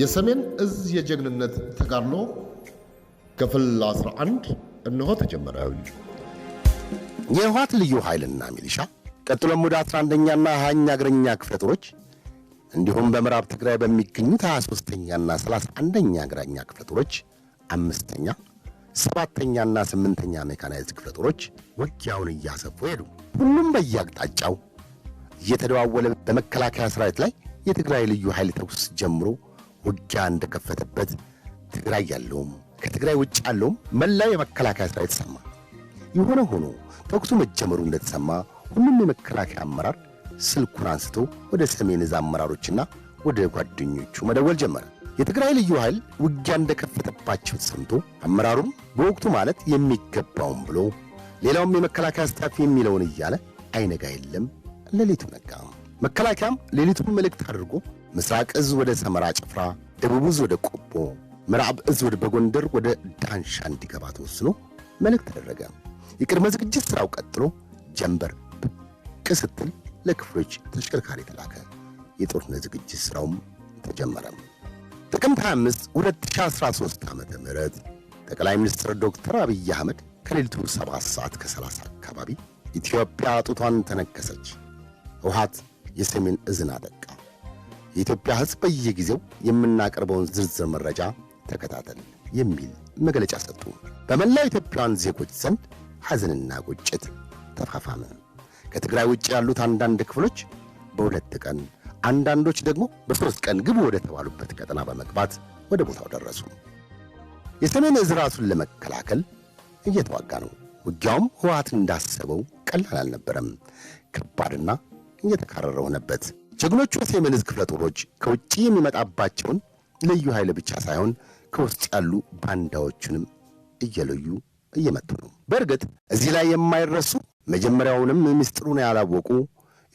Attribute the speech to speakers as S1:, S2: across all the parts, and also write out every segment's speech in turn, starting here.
S1: የሰሜን እዝ የጀግንነት ተጋድሎ ክፍል 11 እነሆ ተጀመረ። የህወሓት ልዩ ኃይልና ሚሊሻ ቀጥሎም ወደ 11ኛና 20ኛ እግረኛ ክፍለ ጦሮች እንዲሁም በምዕራብ ትግራይ በሚገኙት 23ኛና 31ኛ እግረኛ ክፍለ ጦሮች አምስተኛ ሰባተኛና ስምንተኛ ሜካናይዝድ ክፍለ ጦሮች ውጊያውን እያሰፉ ሄዱ። ሁሉም በየአቅጣጫው እየተደዋወለ በመከላከያ ሰራዊት ላይ የትግራይ ልዩ ኃይል ተኩስ ጀምሮ ውጊያ እንደከፈተበት ትግራይ ያለውም ከትግራይ ውጭ ያለውም መላው የመከላከያ ስራ የተሰማ የሆነ ሆኖ ተኩሱ መጀመሩ እንደተሰማ ሁሉም የመከላከያ አመራር ስልኩን አንስቶ ወደ ሰሜን እዝ አመራሮችና ወደ ጓደኞቹ መደወል ጀመረ። የትግራይ ልዩ ኃይል ውጊያ እንደከፈተባቸው ተሰምቶ አመራሩም በወቅቱ ማለት የሚገባውን ብሎ ሌላውም የመከላከያ ስታፍ የሚለውን እያለ አይነጋ የለም ሌሊቱ ነጋ። መከላከያም ሌሊቱን መልእክት አድርጎ ምስራቅ እዝ ወደ ሰመራ ጭፍራ፣ ደቡብ እዝ ወደ ቆቦ፣ ምዕራብ እዝ ወደ በጎንደር ወደ ዳንሻ እንዲገባ ተወስኖ መልእክት ተደረገ። የቅድመ ዝግጅት ሥራው ቀጥሎ ጀንበር ብቅ ስትል ለክፍሎች ተሽከርካሪ ተላከ። የጦርነት ዝግጅት ሥራውም ተጀመረ። ጥቅምት 25 2013 ዓ ም ጠቅላይ ሚኒስትር ዶክተር አብይ አህመድ ከሌሊቱ 7 ሰዓት ከ30 አካባቢ ኢትዮጵያ ጡቷን ተነከሰች፣ ውሃት የሰሜን እዝን አጠቃ። የኢትዮጵያ ሕዝብ በየጊዜው የምናቀርበውን ዝርዝር መረጃ ተከታተል የሚል መግለጫ ሰጡ። በመላ ኢትዮጵያውያን ዜጎች ዘንድ ሐዘንና ቁጭት ተፋፋመ። ከትግራይ ውጭ ያሉት አንዳንድ ክፍሎች በሁለት ቀን አንዳንዶች ደግሞ በሦስት ቀን ግቡ ወደ ተባሉበት ቀጠና በመግባት ወደ ቦታው ደረሱ። የሰሜን እዝ ራሱን ለመከላከል እየተዋጋ ነው። ውጊያውም ህወሓት እንዳሰበው ቀላል አልነበረም። ከባድና እየተካረረ ሆነበት። ጀግኖቹ የሰሜን ዕዝ ክፍለ ጦሮች ከውጭ የሚመጣባቸውን ልዩ ኃይል ብቻ ሳይሆን ከውስጥ ያሉ ባንዳዎችንም እየለዩ እየመጡ ነው። በእርግጥ እዚህ ላይ የማይረሱ መጀመሪያውንም ሚስጥሩን ያላወቁ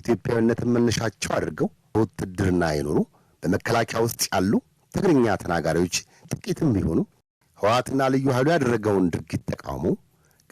S1: ኢትዮጵያዊነት መነሻቸው አድርገው በውትድርና የኖሩ በመከላከያ ውስጥ ያሉ ትግርኛ ተናጋሪዎች ጥቂትም ቢሆኑ ህወሓትና ልዩ ኃይሉ ያደረገውን ድርጊት ተቃውሞ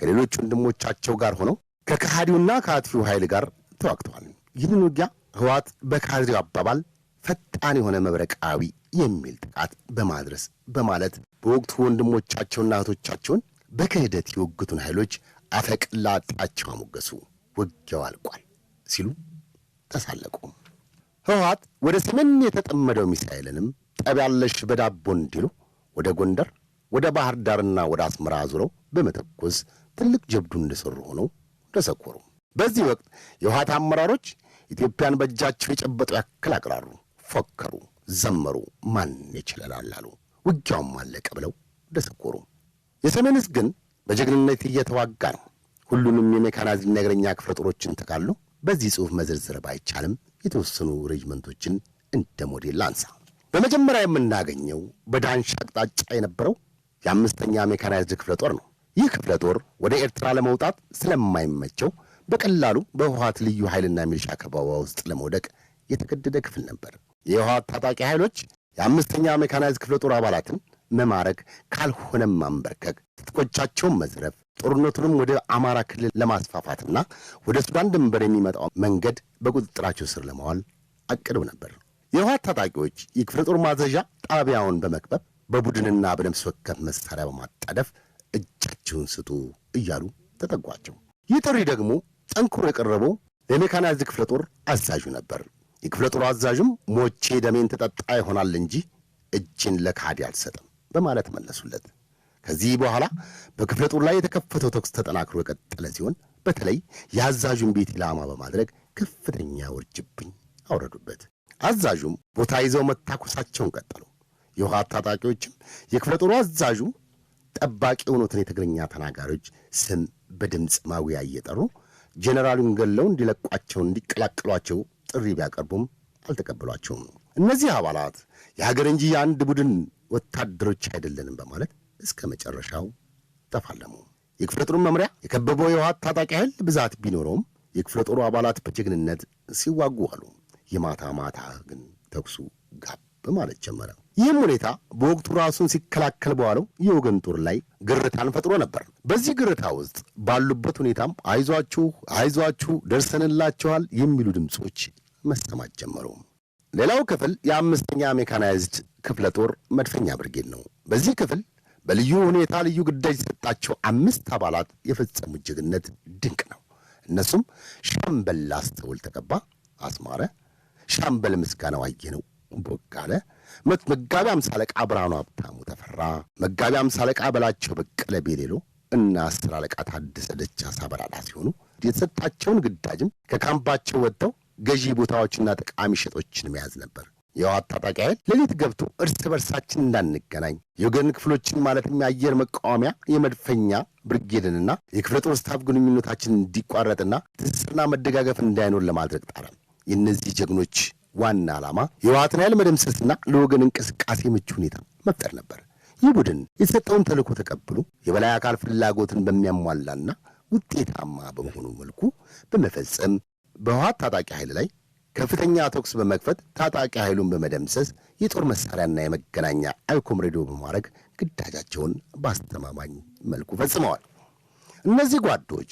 S1: ከሌሎች ወንድሞቻቸው ጋር ሆነው ከከሃዲውና ከአጥፊው ኃይል ጋር ተዋግተዋል። ይህንን ውጊያ ህወሓት በካድሬው አባባል ፈጣን የሆነ መብረቃዊ የሚል ጥቃት በማድረስ በማለት በወቅቱ ወንድሞቻቸውና እህቶቻቸውን በክህደት የወግቱን ኃይሎች አፈቅላጣቸው አሞገሱ። ውጊያው አልቋል ሲሉ ተሳለቁ። ህወሓት ወደ ሰሜን የተጠመደው ሚሳኤልንም ጠቢያለሽ በዳቦ እንዲሉ ወደ ጎንደር፣ ወደ ባህር ዳርና ወደ አስመራ ዙረው በመተኮስ ትልቅ ጀብዱ እንደሰሩ ሆነው ተሰኮሩ። በዚህ ወቅት የህወሓት አመራሮች ኢትዮጵያን በእጃቸው የጨበጡ ያክል አቅራሩ፣ ፎከሩ፣ ዘመሩ። ማን ይችላል አሉ። ውጊያውም አለቀ ብለው ደሰኮሩ። የሰሜን ዕዝ ግን በጀግንነት እየተዋጋ ነው። ሁሉንም የሜካናዝ የእግረኛ ክፍለ ጦሮችን ተቃሉ። በዚህ ጽሑፍ መዘርዘር ባይቻልም የተወሰኑ ሬጅመንቶችን እንደ ሞዴል አንሳ በመጀመሪያ የምናገኘው በዳንሻ አቅጣጫ የነበረው የአምስተኛ ሜካናይዝድ ክፍለ ጦር ነው። ይህ ክፍለ ጦር ወደ ኤርትራ ለመውጣት ስለማይመቸው በቀላሉ በህወሓት ልዩ ኃይልና ሚሊሻ ከበባ ውስጥ ለመውደቅ የተገደደ ክፍል ነበር። የህወሓት ታጣቂ ኃይሎች የአምስተኛ ሜካናይዝ ክፍለ ጦር አባላትን መማረክ ካልሆነም ማንበርከክ፣ ትጥቆቻቸውን መዝረፍ፣ ጦርነቱንም ወደ አማራ ክልል ለማስፋፋትና ወደ ሱዳን ድንበር የሚመጣው መንገድ በቁጥጥራቸው ስር ለማዋል አቅደው ነበር። የህወሓት ታጣቂዎች የክፍለ ጦር ማዘዣ ጣቢያውን በመክበብ በቡድንና በነፍስ ወከፍ መሳሪያ በማጣደፍ እጃቸውን ስጡ እያሉ ተጠጓቸው። ይህ ጥሪ ደግሞ ጠንክሮ የቀረበው የሜካናይዝድ ክፍለ ጦር አዛዡ ነበር። የክፍለ ጦሩ አዛዡም ሞቼ ደሜን ተጠጣ ይሆናል እንጂ እጅን ለካዲ አልሰጥም በማለት መለሱለት። ከዚህ በኋላ በክፍለ ጦር ላይ የተከፈተው ተኩስ ተጠናክሮ የቀጠለ ሲሆን በተለይ የአዛዡን ቤት ኢላማ በማድረግ ከፍተኛ ውርጅብኝ አውረዱበት። አዛዡም ቦታ ይዘው መታኮሳቸውን ቀጠሉ። የውሃ ታጣቂዎችም የክፍለ ጦሩ አዛዡ ጠባቂ የሆኑትን የትግርኛ ተናጋሪዎች ስም በድምፅ ማጉያ እየጠሩ ጄኔራሉን ገለው እንዲለቋቸው እንዲቀላቅሏቸው ጥሪ ቢያቀርቡም አልተቀበሏቸውም። እነዚህ አባላት የሀገር እንጂ የአንድ ቡድን ወታደሮች አይደለንም በማለት እስከ መጨረሻው ተፋለሙ። የክፍለ ጦሩን መምሪያ የከበበው የውሃት ታጣቂ ኃይል ብዛት ቢኖረውም የክፍለ ጦሩ አባላት በጀግንነት ሲዋጉ አሉ። የማታ ማታ ግን ተኩሱ ጋብ በማለት ጀመረ። ይህም ሁኔታ በወቅቱ ራሱን ሲከላከል በዋለው የወገን ጦር ላይ ግርታን ፈጥሮ ነበር። በዚህ ግርታ ውስጥ ባሉበት ሁኔታም አይዟችሁ፣ አይዟችሁ ደርሰንላችኋል የሚሉ ድምፆች መሰማት ጀመሩ። ሌላው ክፍል የአምስተኛ ሜካናይዝድ ክፍለ ጦር መድፈኛ ብርጌድ ነው። በዚህ ክፍል በልዩ ሁኔታ ልዩ ግዳጅ የሰጣቸው አምስት አባላት የፈጸሙት ጀግነት ድንቅ ነው። እነሱም ሻምበል አስተውል ተቀባ አስማረ፣ ሻምበል ምስጋናው አየነው ቦጋለ አለ። መጋቢ አምሳ አለቃ ብርሃኑ ሀብታሙ ተፈራ፣ መጋቢ አምሳ አለቃ በላቸው በቀለ ቤሌሎ እና አስር አለቃ ታደሰ ደቻሳ በራዳ ሲሆኑ የተሰጣቸውን ግዳጅም ከካምባቸው ወጥተው ገዢ ቦታዎችና ጠቃሚ ሸጦችን መያዝ ነበር። የዋት ታጣቂ ኃይል ሌሊት ገብቶ እርስ በርሳችን እንዳንገናኝ የወገን ክፍሎችን ማለትም የአየር መቃወሚያ የመድፈኛ ብርጌድንና የክፍለ ጦር ስታፍ ግንኙነታችን እንዲቋረጥና ትስስርና መደጋገፍ እንዳይኖር ለማድረግ ጣረም። የእነዚህ ጀግኖች ዋና ዓላማ የህወሓትን ኃይል መደምሰስና ለወገን እንቅስቃሴ ምቹ ሁኔታ መፍጠር ነበር። ይህ ቡድን የተሰጠውን ተልዕኮ ተቀብሎ የበላይ አካል ፍላጎትን በሚያሟላና ውጤታማ በመሆኑ መልኩ በመፈጸም በህወሓት ታጣቂ ኃይል ላይ ከፍተኛ ተኩስ በመክፈት ታጣቂ ኃይሉን በመደምሰስ የጦር መሳሪያና የመገናኛ አይኮም ሬዲዮ በማድረግ ግዳጃቸውን በአስተማማኝ መልኩ ፈጽመዋል። እነዚህ ጓዶች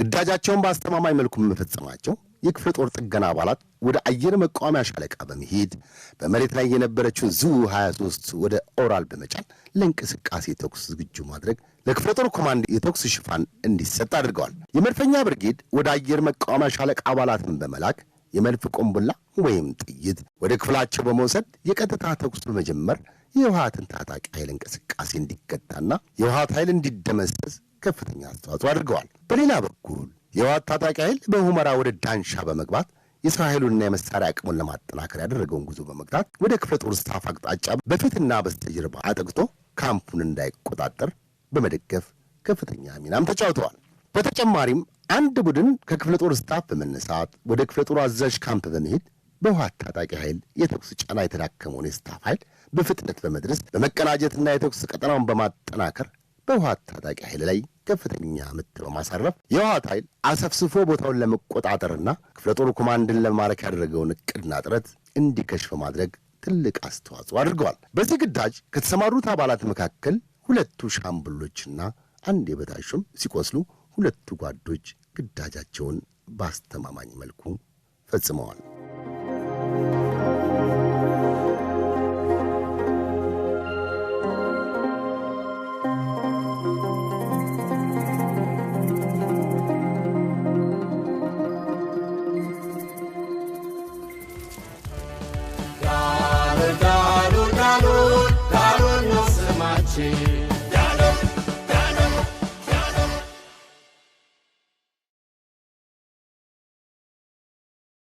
S1: ግዳጃቸውን በአስተማማኝ መልኩ በመፈጸማቸው የክፍለ ጦር ጥገና አባላት ወደ አየር መቃወሚያ ሻለቃ በመሄድ በመሬት ላይ የነበረችውን ዙ 23 ወደ ኦራል በመጫን ለእንቅስቃሴ ተኩስ ዝግጁ ማድረግ ለክፍለ ጦር ኮማንድ የተኩስ ሽፋን እንዲሰጥ አድርገዋል። የመድፈኛ ብርጌድ ወደ አየር መቃወሚያ ሻለቃ አባላትን በመላክ የመድፍ ቆምቡላ ወይም ጥይት ወደ ክፍላቸው በመውሰድ የቀጥታ ተኩስ በመጀመር የውሃትን ታጣቂ ኃይል እንቅስቃሴ እንዲገታና የውሃት ኃይል እንዲደመሰስ ከፍተኛ አስተዋጽኦ አድርገዋል። በሌላ በኩል የህወሓት ታጣቂ ኃይል በሁመራ ወደ ዳንሻ በመግባት የሰው ኃይሉንና የመሳሪያ አቅሙን ለማጠናከር ያደረገውን ጉዞ በመግታት ወደ ክፍለ ጦር ስታፍ አቅጣጫ በፊትና በስተጀርባ አጠቅቶ ካምፑን እንዳይቆጣጠር በመደገፍ ከፍተኛ ሚናም ተጫውተዋል። በተጨማሪም አንድ ቡድን ከክፍለ ጦር ስታፍ በመነሳት ወደ ክፍለ ጦር አዛዥ ካምፕ በመሄድ በህወሓት ታጣቂ ኃይል የተኩስ ጫና የተዳከመውን የስታፍ ኃይል በፍጥነት በመድረስ በመቀናጀትና የተኩስ ቀጠናውን በማጠናከር በህወሓት ታጣቂ ኃይል ላይ ከፍተኛ ምት በማሳረፍ የህወሓት ኃይል አሰፍስፎ ቦታውን ለመቆጣጠርና ክፍለ ጦር ኮማንድን ለማረክ ያደረገውን እቅድና ጥረት እንዲከሽፍ ማድረግ ትልቅ አስተዋጽኦ አድርገዋል። በዚህ ግዳጅ ከተሰማሩት አባላት መካከል ሁለቱ ሻምብሎችና አንድ የበታሹም ሲቆስሉ፣ ሁለቱ ጓዶች ግዳጃቸውን በአስተማማኝ መልኩ ፈጽመዋል።